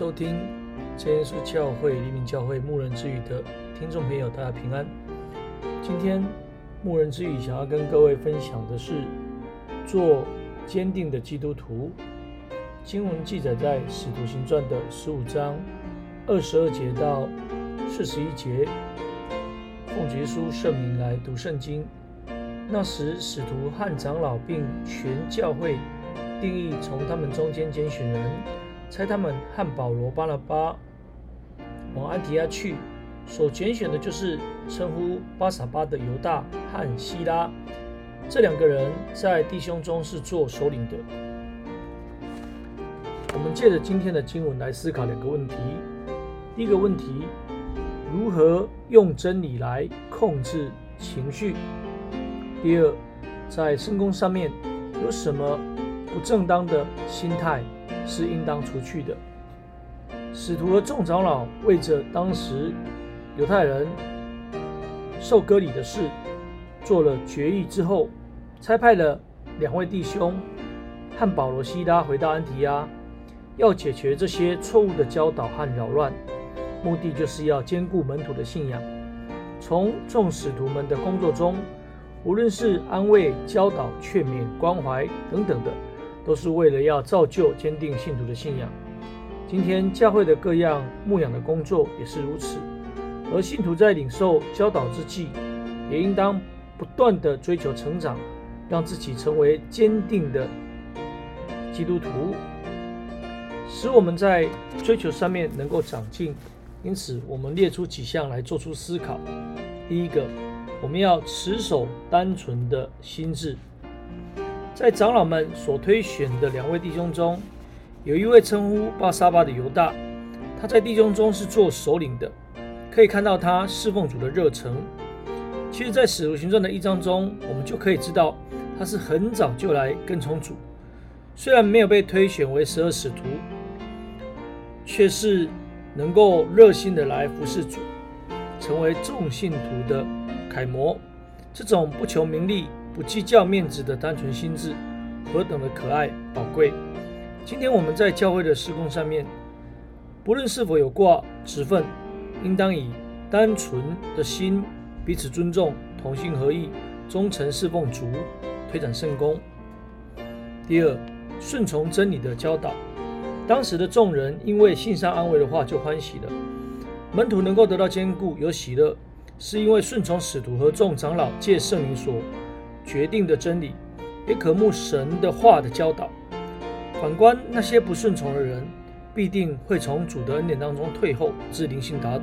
收聽真耶穌教會黎明教會牧人之語的聽眾朋友，大家平安。今天牧人之語想要跟各位分享的是，做堅定的基督徒。經文記載在使徒行傳的十五章二十二節到四十一節。奉耶穌聖名來讀聖經。那時，使徒、和長老並全教會定義，從他們中間揀選人。猜他們和保羅、巴拿巴往安提阿去，所揀選的就是稱呼巴撒巴的猶大和希拉這兩個人，在弟兄中是做首領的。我們借着今天的經文來思考兩個問題：第一個問題，如何用真理來控制情緒；第二，在聖工上面有什麼不正當的心態？是應當除去的。使徒和眾長老為着當時猶太人受割禮的事做了決議之後，差派了兩位弟兄和保羅、西拉回到安提阿，要解決這些錯誤的教導和擾亂，目的就是要堅固門徒的信仰。從眾使徒們的工作中，無論是安慰、教導、勸勉、關懷等等的。都是為了要造就堅定信徒的信仰。今天教會的各樣牧養的工作也是如此。而信徒在領受教導之際，也應當不斷地追求成長，讓自己成為堅定的基督徒，使我們在追求上面能夠長進。因此，我們列出幾項來做出思考。第一個，我們要持守單純的心智。在長老們所推選的兩位弟兄中，有一位稱呼巴沙巴的猶大，他在弟兄中是做首領的，可以看到他侍奉主的熱誠。其實，在使徒行傳的一章中，我們就可以知道他是很早就來跟從主，雖然沒有被推選為十二使徒，卻是能夠熱心的來服侍主，成為眾信徒的楷模。這種不求名利，不計較面子的單純心智，何等的可愛寶貴！今天我們在教會的聖工上面，不論是否有掛職分，應當以單純的心彼此尊重，同心合意，忠誠侍奉主，推展聖工。第二，順從真理的教導。當時的眾人因為信上安慰的話就歡喜了。門徒能夠得到堅固有喜樂，是因為順從使徒和眾長老借聖靈所。決定的真理，也渴慕神的話的教導。反觀那些不順從的人，必定會從主的恩典當中退後，自靈性打賭，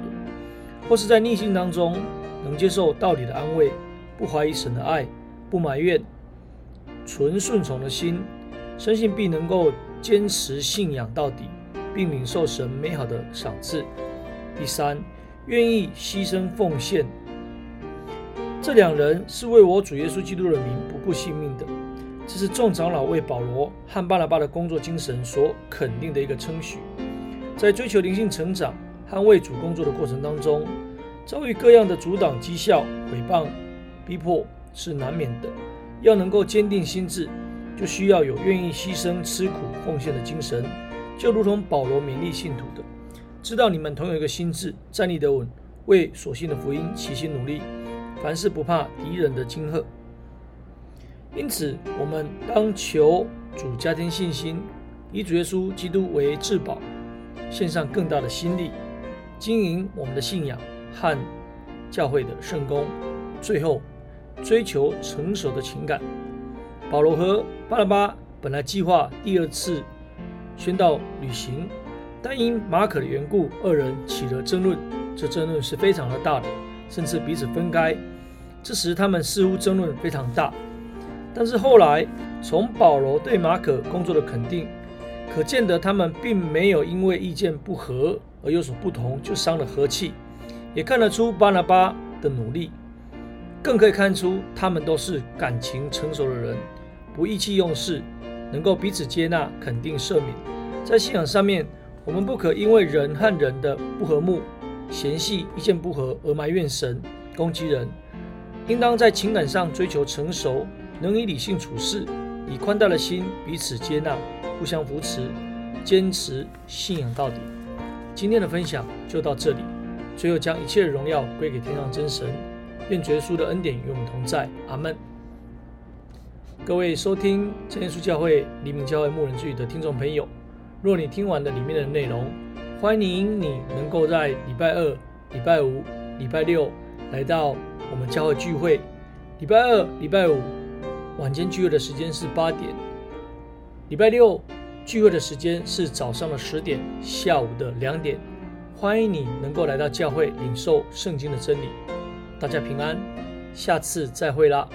或是在逆境當中能接受道理的安慰，不懷疑神的愛，不埋怨，純順從的心，深信必能夠堅持信仰到底，並領受神美好的賞賜。第三，願意犧牲奉獻。這兩人是為我主耶穌基督的名不顧性命的，這是眾長老為保羅和巴拿巴的工作精神所肯定的一個稱許。在追求靈性成長和為主工作的過程當中，遭遇各樣的阻擋績效、譏笑、誹謗、逼迫是難免的。要能夠堅定心志，就需要有願意犧牲、吃苦、奉獻的精神，就如同保羅勉勵信徒的。知道你們同有一個心志，站立得穩，為所信的福音齊心努力。凡事不怕敵人的驚嚇，因此我們當求主加添信心，以主耶穌基督為至寶，獻上更大的心力，經營我們的信仰和教會的聖工，最後追求成熟的情感。保羅和巴拉巴本來計劃第二次宣道旅行，但因馬可的緣故，二人起了爭論，這爭論是非常的大的。甚至彼此分開，這時他們似乎爭論非常大，但是後來從保羅對馬可工作的肯定，可見得他們並沒有因為意見不合而有所不同就傷了和氣，也看得出巴拿巴的努力，更可以看出他們都是感情成熟的人，不意氣用事，能夠彼此接納、肯定、赦免。在信仰上面，我們不可因為人和人的不和睦。嫌隙、意見不合而埋怨神、攻擊人，應當在情感上追求成熟，能以理性處事，以寬大的心彼此接納、互相扶持，堅持信仰到底。今天的分享就到這裡，最後將一切的榮耀歸給天上真神，願耶穌的恩典與我們同在。阿門。各位收聽真耶穌教會黎明教會牧人之語的聽眾朋友，若你聽完了裡面的內容，歡迎你能夠在禮拜二、禮拜五、禮拜六來到我們教會聚會。禮拜二、禮拜五晚間聚會的時間是八點，禮拜六聚會的時間是早上的十點，下午的兩點。歡迎你能夠來到教會領受聖經的真理。大家平安，下次再會啦。